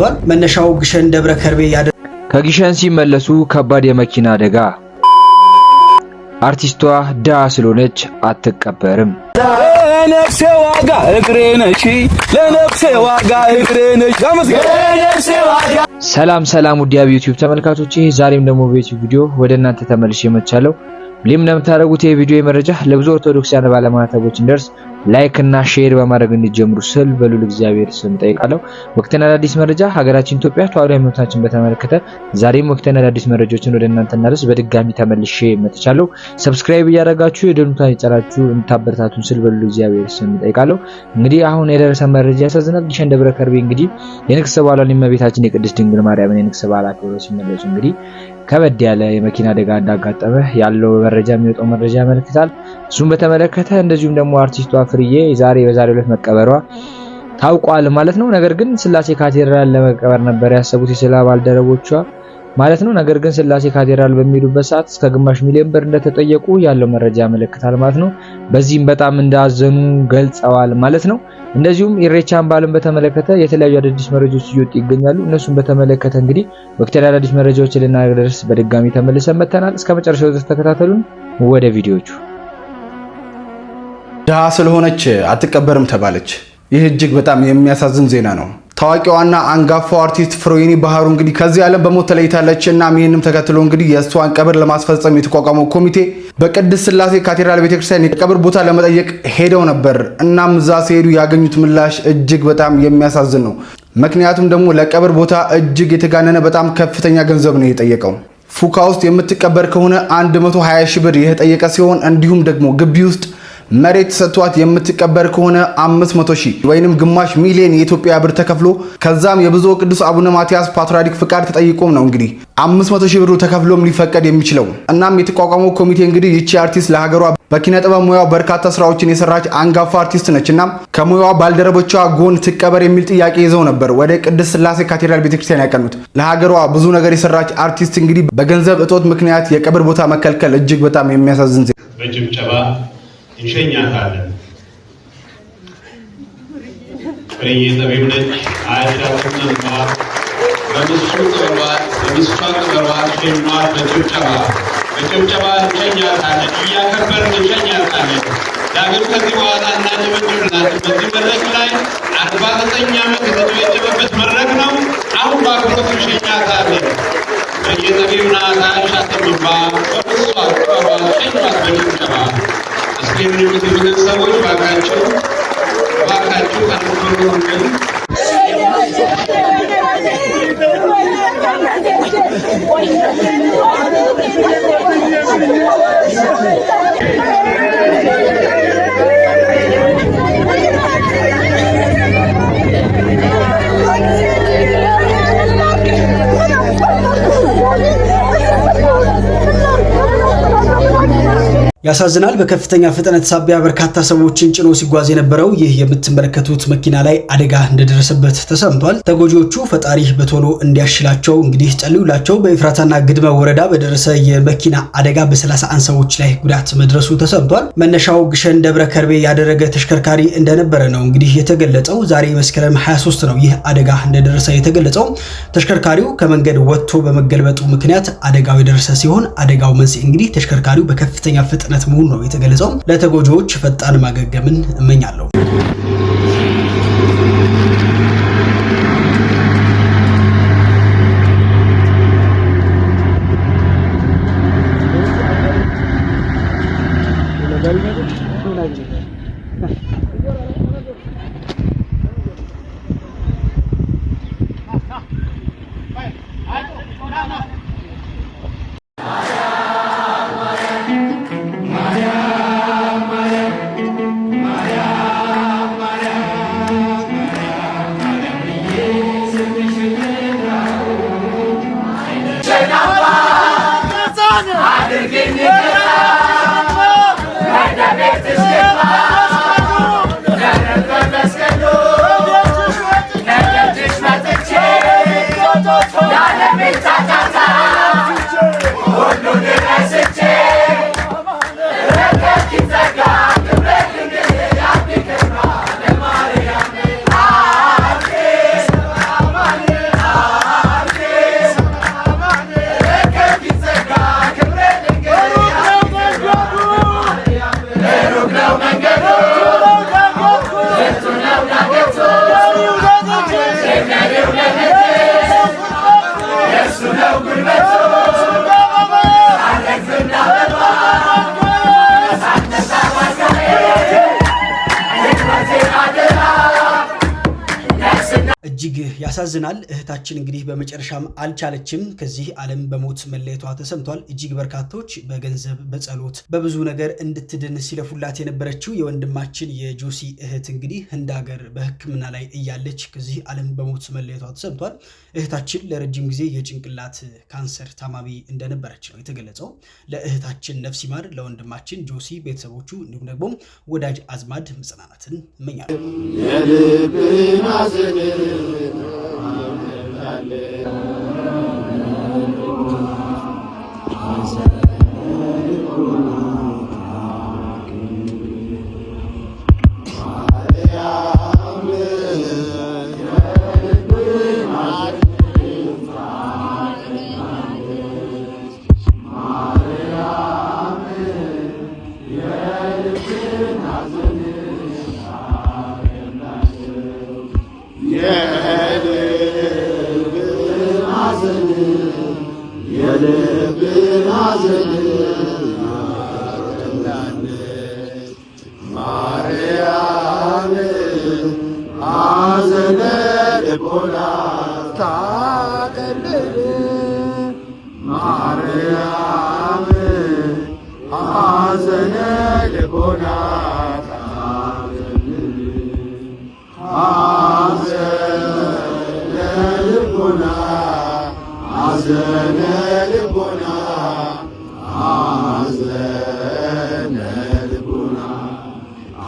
ተመልክቷል። መነሻው ግሸን ደብረ ከርቤ ያደ ከግሸን ሲመለሱ ከባድ የመኪና አደጋ አርቲስቷ ዳ ስለሆነች አትቀበርም። ለነፍሴ ዋጋ እግሬ ነሽ፣ ለነፍሴ ዋጋ እግሬ ነሽ። ሰላም ሰላም፣ ውድ የዩቲዩብ ተመልካቾች፣ ዛሬም ደግሞ በዩቲዩብ ቪዲዮ ወደ እናንተ ተመልሼ መጥቻለሁ። ሊም ለምታደርጉት የቪዲዮ መረጃ ለብዙ ኦርቶዶክሳውያን ባለማህተቦች እንደርስ ላይክ እና ሼር በማድረግ እንዲጀምሩ ስል በሉል እግዚአብሔር ስም ጠይቃለሁ። ወቅትና አዳዲስ መረጃ ሀገራችን ኢትዮጵያ ተዋሕዶ ሃይማኖታችን በተመለከተ ዛሬም ወቅትና አዳዲስ መረጃዎችን ወደ እናንተ እናደርስ በድጋሚ ተመልሼ መጥቻለሁ። ሰብስክራይብ እያደረጋችሁ የደሉታን የጫላችሁ እንታበረታቱን ስል በሉል እግዚአብሔር ስም ጠይቃለሁ። እንግዲህ አሁን የደረሰ መረጃ ያሳዝናል። ግሸን ደብረ ከርቤ እንግዲህ የንግስ በዓሏን የእመቤታችን የቅድስት ድንግል ማርያምን የንግስ በዓል አክብረው ሲመለሱ እንግዲህ ከበድ ያለ የመኪና አደጋ እንዳጋጠመ ያለው መረጃ የሚወጣው መረጃ ያመለክታል። እሱም በተመለከተ እንደዚሁም ደግሞ አርቲስቷ ፍርዬ ዛሬ በዛሬ ዕለት መቀበሯ ታውቋል ማለት ነው። ነገር ግን ስላሴ ካቴድራል ለመቀበር ነበር ያሰቡት የስላ ባልደረቦቿ ማለት ነው። ነገር ግን ስላሴ ካቴድራል በሚሄዱበት ሰዓት እስከ ግማሽ ሚሊዮን ብር እንደተጠየቁ ያለው መረጃ ያመለክታል ማለት ነው። በዚህም በጣም እንዳዘኑ ገልጸዋል ማለት ነው። እንደዚሁም ኢሬቻን በዓልን በተመለከተ የተለያዩ አዳዲስ መረጃዎች እየወጡ ይገኛሉ። እነሱም በተመለከተ እንግዲህ ወቅታዊ አዳዲስ መረጃዎች ልናደርስ በድጋሚ ተመልሰን መጥተናል። እስከ መጨረሻው ድረስ ተከታተሉን። ወደ ቪዲዮቹ። ድሃ ስለሆነች አትቀበርም ተባለች። ይህ እጅግ በጣም የሚያሳዝን ዜና ነው። ታዋቂዋና አንጋፋው አርቲስት ፍሮይኒ ባህሩ እንግዲህ ከዚህ ዓለም በሞት ተለይታለች። እናም ይህንም ተከትሎ እንግዲህ የእሷን ቀብር ለማስፈጸም የተቋቋመው ኮሚቴ በቅድስት ስላሴ ካቴድራል ቤተክርስቲያን የቀብር ቦታ ለመጠየቅ ሄደው ነበር። እናም እዛ ሲሄዱ ያገኙት ምላሽ እጅግ በጣም የሚያሳዝን ነው። ምክንያቱም ደግሞ ለቀብር ቦታ እጅግ የተጋነነ በጣም ከፍተኛ ገንዘብ ነው የጠየቀው። ፉካ ውስጥ የምትቀበር ከሆነ 120 ሺህ ብር የተጠየቀ ሲሆን እንዲሁም ደግሞ ግቢ ውስጥ መሬት ሰጥቷት የምትቀበር ከሆነ 500 ሺህ ወይንም ግማሽ ሚሊዮን የኢትዮጵያ ብር ተከፍሎ ከዛም የብፁዕ ቅዱስ አቡነ ማትያስ ፓትርያርክ ፍቃድ ተጠይቆም ነው እንግዲህ 500 ሺህ ብሩ ተከፍሎም ሊፈቀድ የሚችለው። እናም የተቋቋመው ኮሚቴ እንግዲህ ይቺ አርቲስት ለሀገሯ በኪነ ጥበብ ሙያው በርካታ ስራዎችን የሰራች አንጋፋ አርቲስት ነች። እና ከሙያዋ ባልደረቦቿ ጎን ትቀበር የሚል ጥያቄ ይዘው ነበር ወደ ቅድስት ስላሴ ካቴድራል ቤተክርስቲያን ያቀኑት። ለሀገሯ ብዙ ነገር የሰራች አርቲስት እንግዲህ በገንዘብ እጦት ምክንያት የቀብር ቦታ መከልከል እጅግ በጣም የሚያሳዝን ዜና እንሸኛታለን። ፍሬዬ ጠቢብ ነች። አያዳውንም በምሱ ጥሯት፣ በምሷ ጥሯት፣ ሸኟት በጭብጨባ በጭብጨባ እንሸኛታለን። እያከበርን እንሸኛታለን። ዳግም ከዚህ በኋላ እናጨበጭብላት። በዚህ መድረክ ላይ አርባ ዘጠኝ ዓመት የተጨበጨበበት መድረክ ነው። አሁን ባክቶት እንሸኛታለን። ፍሬዬ ጠቢብ ናት። አይሻትምባ በምሷ ጥሯት፣ ሸኟት በጭብጨባ የሚሉት ሰዎች ባካችሁ ባካችሁ አትፈሩብን። Thank you. ያሳዝናል። በከፍተኛ ፍጥነት ሳቢያ በርካታ ሰዎችን ጭኖ ሲጓዝ የነበረው ይህ የምትመለከቱት መኪና ላይ አደጋ እንደደረሰበት ተሰምቷል። ተጎጂዎቹ ፈጣሪ በቶሎ እንዲያሽላቸው እንግዲህ ጸልዩላቸው። በኤፍራታና ግድመ ወረዳ በደረሰ የመኪና አደጋ በ31 ሰዎች ላይ ጉዳት መድረሱ ተሰምቷል። መነሻው ግሸን ደብረ ከርቤ ያደረገ ተሽከርካሪ እንደነበረ ነው እንግዲህ የተገለጸው። ዛሬ መስከረም 23 ነው ይህ አደጋ እንደደረሰ የተገለጸው። ተሽከርካሪው ከመንገድ ወጥቶ በመገልበጡ ምክንያት አደጋው የደረሰ ሲሆን አደጋው መንስኤ እንግዲህ ተሽከርካሪው በከፍተኛ ፍጥነት ምክንያት መሆኑ ነው የተገለጸው። ለተጎጂዎች ፈጣን ማገገምን እመኛለሁ። አድርግኝ ጌታ ወደ ቤትሽ ግባ ያሳዝናል። እህታችን በመጨረሻም አልቻለችም። ከዚህ ዓለም በሞት መለየቷ ተሰምቷል። እጅግ በርካቶች በገንዘብ በጸሎት በብዙ ነገር እንድትድን ሲለፉላት የነበረችው የወንድማችን የጆሲ እህት እንግዲህ ህንድ ሀገር በሕክምና ላይ እያለች ከዚህ ዓለም በሞት መለየቷ ተሰምቷል። እህታችን ለረጅም ጊዜ የጭንቅላት ካንሰር ታማሚ እንደነበረች ነው የተገለጸው። ለእህታችን ነፍስ ይማር፣ ለወንድማችን ጆሲ ቤተሰቦቹ፣ እንዲሁም ደግሞ ወዳጅ አዝማድ መጽናናትን እመኛለሁ። ይሆናል። حزن البنا حزن البنا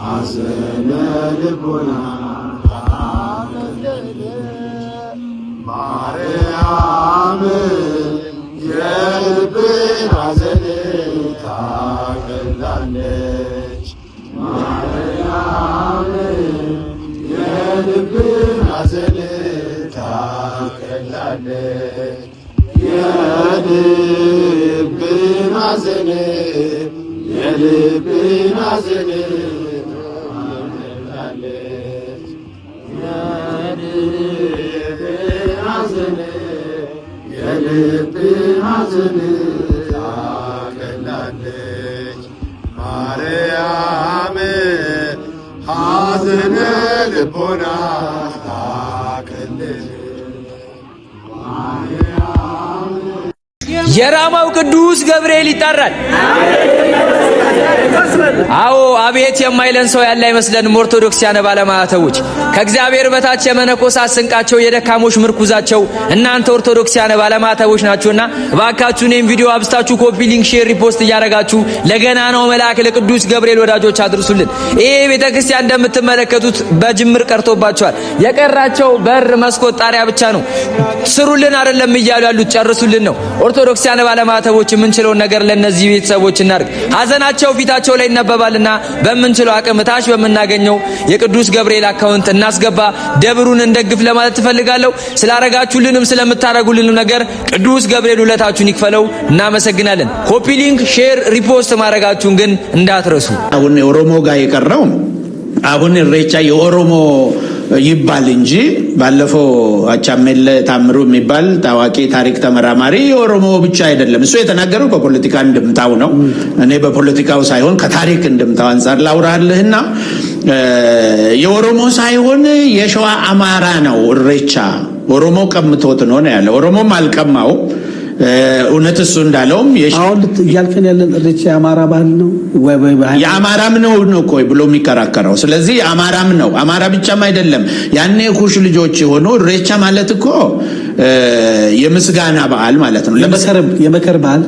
حزن البنا مريم قلبي حزن تعقلنج مريم قلبي حزن تعقلنج Yelib bin azini Yelib bin azini Gelip hazını takellendik Mariam'ı hazını buna የራማው ቅዱስ ገብርኤል ይጠራል። አዎ አቤት የማይለን ሰው ያለ አይመስለንም። ኦርቶዶክሲያን ባለማዕተቦች ከእግዚአብሔር በታች የመነኮሳት ስንቃቸው፣ የደካሞች ምርኩዛቸው እናንተ ኦርቶዶክሲያን ባለማዕተቦች ናችሁና እባካችሁ እኔም ቪዲዮ አብስታችሁ ኮፒ ሊንክ፣ ሼር፣ ሪፖስት እያደረጋችሁ ለገና ነው መልአክ ለቅዱስ ገብርኤል ወዳጆች አድርሱልን። ይሄ ቤተክርስቲያን እንደምትመለከቱት በጅምር ቀርቶባቸዋል። የቀራቸው በር፣ መስኮት፣ ጣሪያ ብቻ ነው። ስሩልን አይደለም እያሉ ያሉት ጨርሱልን ነው። ኦርቶዶክሲያን ባለማዕተቦች የምንችለውን ነገር ለእነዚህ ቤተሰቦች እናርግ። ሀዘናቸው ፊታቸው ላይ ይነበባልና በምንችለው አቅም ታች በምናገኘው የቅዱስ ገብርኤል አካውንት እናስገባ፣ ደብሩን እንደግፍ ለማለት ትፈልጋለሁ። ስላረጋችሁልንም ስለምታረጉልንም ነገር ቅዱስ ገብርኤል ውለታችሁን ይክፈለው። እናመሰግናለን። ኮፒ ሊንክ፣ ሼር፣ ሪፖስት ማድረጋችሁን ግን እንዳትረሱ። አሁን የኦሮሞ ጋር የቀረው አሁን ሬቻ የኦሮሞ ይባል እንጂ ባለፈው አቻሜለ ታምሩ የሚባል ታዋቂ ታሪክ ተመራማሪ የኦሮሞ ብቻ አይደለም እሱ የተናገረው በፖለቲካ እንድምታው ነው። እኔ በፖለቲካው ሳይሆን ከታሪክ እንድምታው አንጻር ላውራልህና የኦሮሞ ሳይሆን የሸዋ አማራ ነው። እሬቻ ኦሮሞ ቀምቶት ነው ያለ። ኦሮሞም አልቀማው እውነት እሱ እንዳለውም አሁን እያልከን ያለን ኢሬቻ የአማራ ባህል ነው የአማራም ነው ነው እኮ ብሎ የሚከራከረው ስለዚህ አማራም ነው። አማራ ብቻም አይደለም። ያኔ ኩሽ ልጆች የሆኑ ኢሬቻ ማለት እኮ የምስጋና በዓል ማለት ነው። የመከር በዓል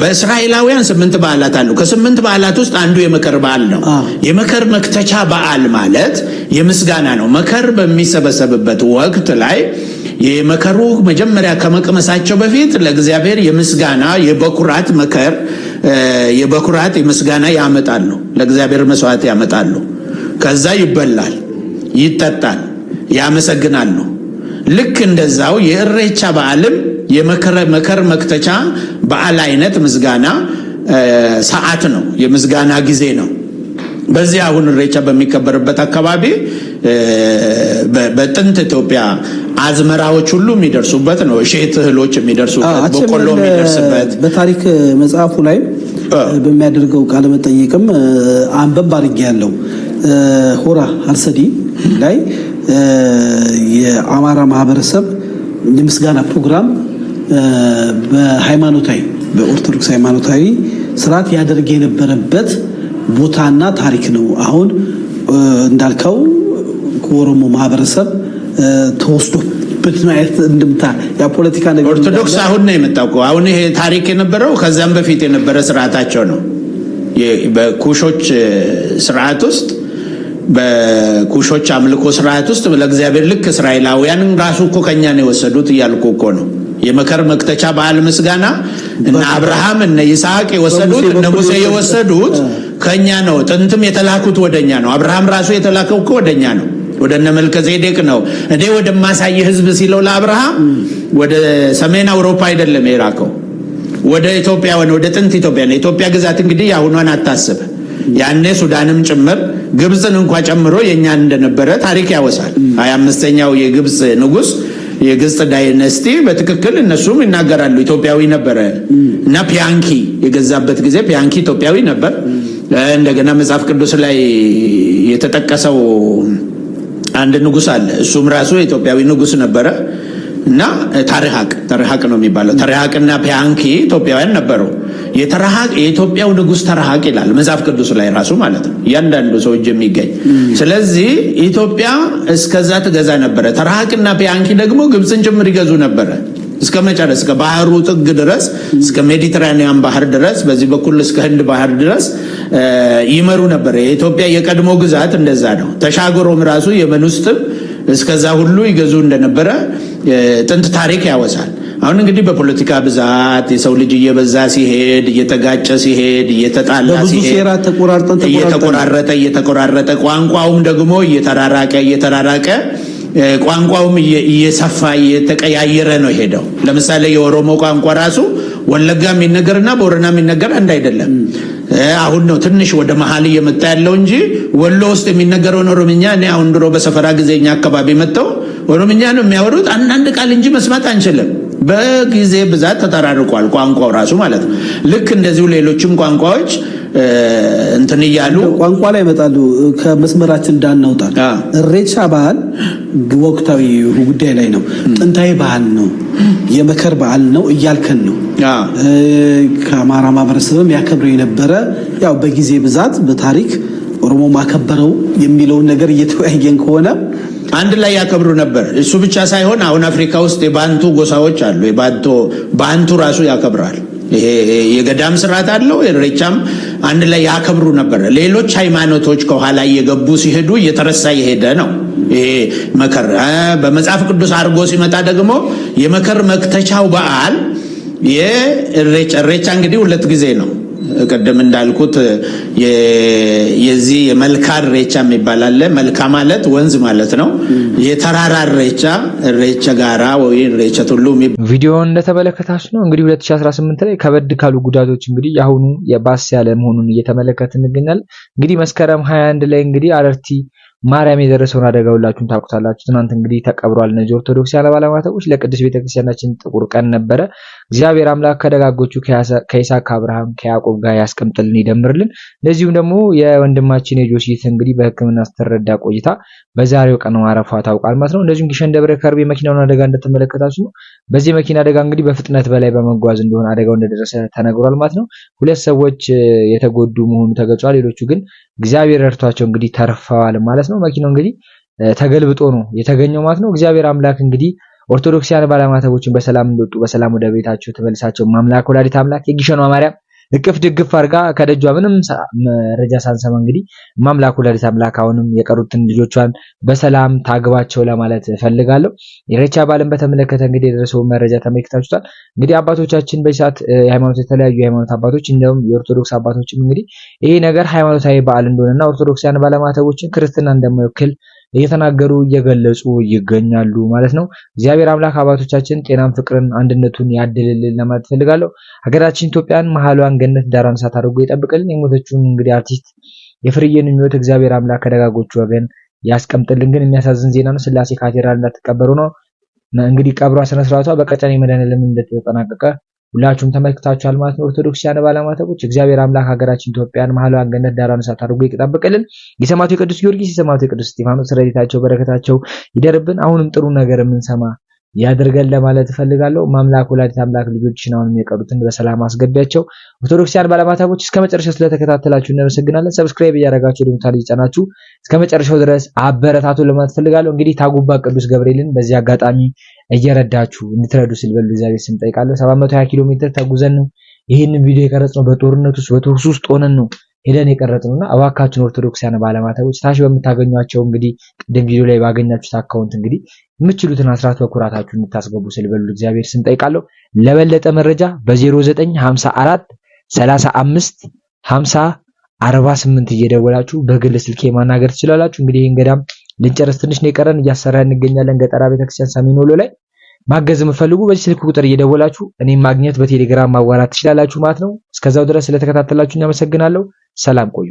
በእስራኤላውያን ስምንት በዓላት አሉ። ከስምንት በዓላት ውስጥ አንዱ የመከር በዓል ነው። የመከር መክተቻ በዓል ማለት የምስጋና ነው። መከር በሚሰበሰብበት ወቅት ላይ የመከሩ መጀመሪያ ከመቅመሳቸው በፊት ለእግዚአብሔር የምስጋና የበኩራት መከር የበኩራት የምስጋና ያመጣሉ። ለእግዚአብሔር መስዋዕት ያመጣሉ። ከዛ ይበላል፣ ይጠጣል፣ ያመሰግናሉ። ልክ እንደዛው የእሬቻ በዓልም የመከር መክተቻ በዓል አይነት ምስጋና ሰዓት ነው፣ የምስጋና ጊዜ ነው። በዚህ አሁን እሬቻ በሚከበርበት አካባቢ በጥንት ኢትዮጵያ አዝመራዎች ሁሉ የሚደርሱበት ነው። እሸት እህሎች የሚደርሱበት፣ በቆሎ የሚደርስበት በታሪክ መጽሐፉ ላይ በሚያደርገው ቃለ መጠይቅም አንበብ አድርጌ ያለው ሆራ አርሰዲ ላይ የአማራ ማህበረሰብ የምስጋና ፕሮግራም በሃይማኖታዊ በኦርቶዶክስ ሃይማኖታዊ ስርዓት ያደርግ የነበረበት ቦታና ታሪክ ነው። አሁን እንዳልከው ከኦሮሞ ማህበረሰብ ተወስዶ እንድምታ ፖለቲካ ኦርቶዶክስ አሁን ነው የመጣው። አሁን ይሄ ታሪክ የነበረው ከዛም በፊት የነበረ ስርዓታቸው ነው። በኩሾች ስርዓት ውስጥ በኩሾች አምልኮ ስርዓት ውስጥ ለእግዚአብሔር ልክ እስራኤላውያንን ራሱ እኮ ከኛ ነው የወሰዱት እያልኩ እኮ ነው። የመከር መክተቻ በዓል ምስጋና እነ አብርሃም እነ ይስሐቅ የወሰዱት እነ ሙሴ የወሰዱት ከኛ ነው። ጥንትም የተላኩት ወደኛ ነው። አብርሃም ራሱ የተላከው እኮ ወደኛ ነው። ወደ እነ መልከ ዜዴቅ ነው። እኔ ወደማሳይ ህዝብ ሲለው ለአብርሃም ወደ ሰሜን አውሮፓ አይደለም የራቀው ወደ ኢትዮጵያ ወደ ጥንት ኢትዮጵያ ነው። ኢትዮጵያ ግዛት እንግዲህ አሁኗን አታስብ፣ ያኔ ሱዳንም ጭምር ግብፅን እንኳ ጨምሮ የእኛን እንደነበረ ታሪክ ያወሳል። ሀያ አምስተኛው የግብፅ ንጉስ የግብፅ ዳይነስቲ በትክክል እነሱም ይናገራሉ። ኢትዮጵያዊ ነበረ እና ፒያንኪ የገዛበት ጊዜ ፒያንኪ ኢትዮጵያዊ ነበር። እንደገና መጽሐፍ ቅዱስ ላይ የተጠቀሰው አንድ ንጉስ አለ። እሱም ራሱ ኢትዮጵያዊ ንጉስ ነበረ። እና ተርሃቅ ተርሃቅ ነው የሚባለው። ተርሃቅና ፒያንኪ ኢትዮጵያውያን ነበሩ። የተርሃቅ የኢትዮጵያው ንጉሥ ተርሃቅ ይላል መጽሐፍ ቅዱስ ላይ ራሱ ማለት ነው፣ እያንዳንዱ ሰው እጅ የሚገኝ ስለዚህ ኢትዮጵያ እስከዛ ትገዛ ነበረ። ተርሃቅና ፒያንኪ ደግሞ ግብፅን ጭምር ይገዙ ነበረ እስከ መጨረስ እስከ ባህሩ ጥግ ድረስ እስከ ሜዲትራኒያን ባህር ድረስ በዚህ በኩል እስከ ህንድ ባህር ድረስ ይመሩ ነበር። የኢትዮጵያ የቀድሞ ግዛት እንደዛ ነው። ተሻገሮም ራሱ የመን ውስጥም እስከዛ ሁሉ ይገዙ እንደነበረ ጥንት ታሪክ ያወሳል። አሁን እንግዲህ በፖለቲካ ብዛት የሰው ልጅ እየበዛ ሲሄድ እየተጋጨ ሲሄድ እየተጣላ ሲሄድ እየተቆራረጠ እየተቆራረጠ ቋንቋውም ደግሞ እየተራራቀ እየተራራቀ ቋንቋውም እየሰፋ እየተቀያየረ ነው የሄደው። ለምሳሌ የኦሮሞ ቋንቋ ራሱ ወለጋ የሚነገርና ቦረና የሚነገር አንድ አይደለም። አሁን ነው ትንሽ ወደ መሀል እየመጣ ያለው እንጂ ወሎ ውስጥ የሚነገረውን ኦሮምኛ እኔ አሁን ድሮ በሰፈራ ጊዜ እኛ አካባቢ መጥተው ኦሮምኛ ነው የሚያወሩት። አንዳንድ ቃል እንጂ መስማት አንችልም። በጊዜ ብዛት ተጠራርቋል ቋንቋው ራሱ ማለት ነው። ልክ እንደዚሁ ሌሎችም ቋንቋዎች እንትን እያሉ ቋንቋ ላይ ይመጣሉ። ከመስመራችን እንዳናውጣ እሬቻ ባህል ወቅታዊ ጉዳይ ላይ ነው፣ ጥንታዊ በዓል ነው፣ የመከር በዓል ነው እያልከን ነው። ከአማራ ማህበረሰብም ያከብረው የነበረ ያው በጊዜ ብዛት በታሪክ ኦሮሞ ማከበረው የሚለውን ነገር እየተወያየን ከሆነ አንድ ላይ ያከብሩ ነበር። እሱ ብቻ ሳይሆን አሁን አፍሪካ ውስጥ የባንቱ ጎሳዎች አሉ። የባንቱ ራሱ ያከብራል። ይሄ የገዳም ስርዓት አለው። ኢሬቻም አንድ ላይ ያከብሩ ነበር። ሌሎች ሃይማኖቶች ከኋላ እየገቡ ሲሄዱ እየተረሳ የሄደ ነው። ይሄ መከር በመጽሐፍ ቅዱስ አድርጎ ሲመጣ ደግሞ የመከር መክተቻው በዓል የሬቻ እንግዲህ ሁለት ጊዜ ነው ቅድም እንዳልኩት የዚህ የመልካር እሬቻ የሚባል አለ። መልካ ማለት ወንዝ ማለት ነው። የተራራ እሬቻ፣ ሬቸ ጋራ ወይ እሬቻ ቱሉ። ቪዲዮውን እንደተመለከታችሁ ነው እንግዲህ 2018 ላይ ከበድ ካሉ ጉዳቶች እንግዲህ የአሁኑ የባስ ያለ መሆኑን እየተመለከት እንገኛል። እንግዲህ መስከረም 21 ላይ እንግዲህ አረርቲ ማርያም የደረሰውን አደጋ ሁላችሁም ታውቁታላችሁ። ትናንት እንግዲህ ተቀብሯል። እነዚህ ኦርቶዶክስ ያለ ባለማተቦች ለቅዱስ ቤተክርስቲያናችን ጥቁር ቀን ነበረ። እግዚአብሔር አምላክ ከደጋጎቹ ከይስሐቅ ከአብርሃም ከያዕቆብ ጋር ያስቀምጥልን ይደምርልን። እንደዚሁም ደግሞ የወንድማችን የጆሲት እንግዲህ በሕክምና ስትረዳ ቆይታ በዛሬው ቀን ማረፏ ታውቋል ማለት ነው። እንደዚሁም ግሸን ደብረ ከርቤ መኪናውን አደጋ እንደተመለከታችሁ ነው። በዚህ መኪና አደጋ እንግዲህ በፍጥነት በላይ በመጓዝ እንደሆነ አደጋው እንደደረሰ ተነግሯል ማለት ነው። ሁለት ሰዎች የተጎዱ መሆኑ ተገልጿል። ሌሎቹ ግን እግዚአብሔር እርቷቸው እንግዲህ ተርፈዋል ማለት ነው። መኪናው እንግዲህ ተገልብጦ ነው የተገኘው ማለት ነው። እግዚአብሔር አምላክ እንግዲህ ኦርቶዶክሲያን ባለማተቦችን በሰላም እንደወጡ በሰላም ወደ ቤታቸው ተመልሳቸው ማምላክ ወላዲት አምላክ የጊሸኗ ማርያም እቅፍ ድግፍ አድርጋ ከደጇ ምንም መረጃ ሳንሰማ እንግዲህ ማምላኩ ለሪት አምላክ አሁንም የቀሩትን ልጆቿን በሰላም ታግባቸው ለማለት እፈልጋለሁ። የኢሬቻ በዓልን በተመለከተ እንግዲህ የደረሰው መረጃ ተመልክታችኋል። እንግዲህ አባቶቻችን በዚህ ሰዓት የሃይማኖት የተለያዩ የሃይማኖት አባቶች እንዲሁም የኦርቶዶክስ አባቶችም እንግዲህ ይሄ ነገር ሃይማኖታዊ በዓል እንደሆነና ኦርቶዶክሳውያን ባለማተቦችን ክርስትና እንደማይወክል እየተናገሩ እየገለጹ ይገኛሉ ማለት ነው። እግዚአብሔር አምላክ አባቶቻችን ጤናን፣ ፍቅርን፣ አንድነቱን ያድልልን ለማለት ፈልጋለሁ። ሀገራችን ኢትዮጵያን መሀሏን ገነት ዳሯን እሳት አድርጎ ይጠብቅልን። የሞተችውን እንግዲህ አርቲስት የፍርዬን ሕይወት እግዚአብሔር አምላክ ከደጋጎቹ ወገን ያስቀምጥልን። ግን የሚያሳዝን ዜና ነው። ስላሴ ካቴድራል እንዳትቀበሩ ነው። እንግዲህ ቀብሯ ስነስርዓቷ በቀጨኔ መድኃኔዓለም እንደተጠናቀቀ ሁላችሁም ተመልክታችኋል ማለት ነው። ኦርቶዶክሲያን ባለማተቦች እግዚአብሔር አምላክ ሀገራችን ኢትዮጵያን መሐሏን ገነት ዳሯን እሳት አድርጎ ይጠብቅልን። የሰማዕቱ የቅዱስ ጊዮርጊስ የሰማዕቱ የቅዱስ እስጢፋኖስ ረድኤታቸው በረከታቸው ይደርብን። አሁንም ጥሩ ነገር የምንሰማ ያድርገን ለማለት እፈልጋለሁ። ማምላክ ወላዲተ አምላክ ልጆችሽን አሁንም የቀሩትን በሰላም አስገቢያቸው። ኦርቶዶክሲያን ባለማተቦች እስከ መጨረሻ ስለተከታተላችሁ እናመሰግናለን። ሰብስክራይብ እያደረጋችሁ ዶምታ ልጅ ጫናችሁ እስከ መጨረሻው ድረስ አበረታቱ ለማለት እፈልጋለሁ። እንግዲህ ታጉባ ቅዱስ ገብርኤልን በዚህ አጋጣሚ እየረዳችሁ እንድትረዱ ስል በሉ እግዚአብሔር ስም እጠይቃለሁ። 720 ኪሎ ሜትር ተጉዘን ነው ይህንን ቪዲዮ የቀረጽ ነው። በጦርነት ውስጥ በተኩስ ውስጥ ሆነን ነው ሄደን የቀረጥንና እባካችን ኦርቶዶክሳውያን ባለማተቦች ታች በምታገኟቸው እንግዲህ ቅድም ቪዲዮ ላይ ባገኛችሁት አካውንት እንግዲህ የምችሉትን አስራት በኩራታችሁ እንድታስገቡ ስለበሉ እግዚአብሔር ስም ጠይቃለሁ። ለበለጠ መረጃ በ0954 35 50 48 እየደወላችሁ በግል ስልኬ ማናገር ትችላላችሁ። እንግዲህ ይህን ገዳም ልንጨርስ ትንሽ ነው የቀረን፣ እያሰራ እንገኛለን ገጠራ ቤተክርስቲያን ሰሜን ወሎ ላይ ማገዝ የምፈልጉ በዚህ ስልክ ቁጥር እየደወላችሁ እኔም ማግኘት በቴሌግራም ማዋራት ትችላላችሁ ማለት ነው። እስከዛው ድረስ ስለተከታተላችሁ እናመሰግናለሁ። ሰላም ቆዩ።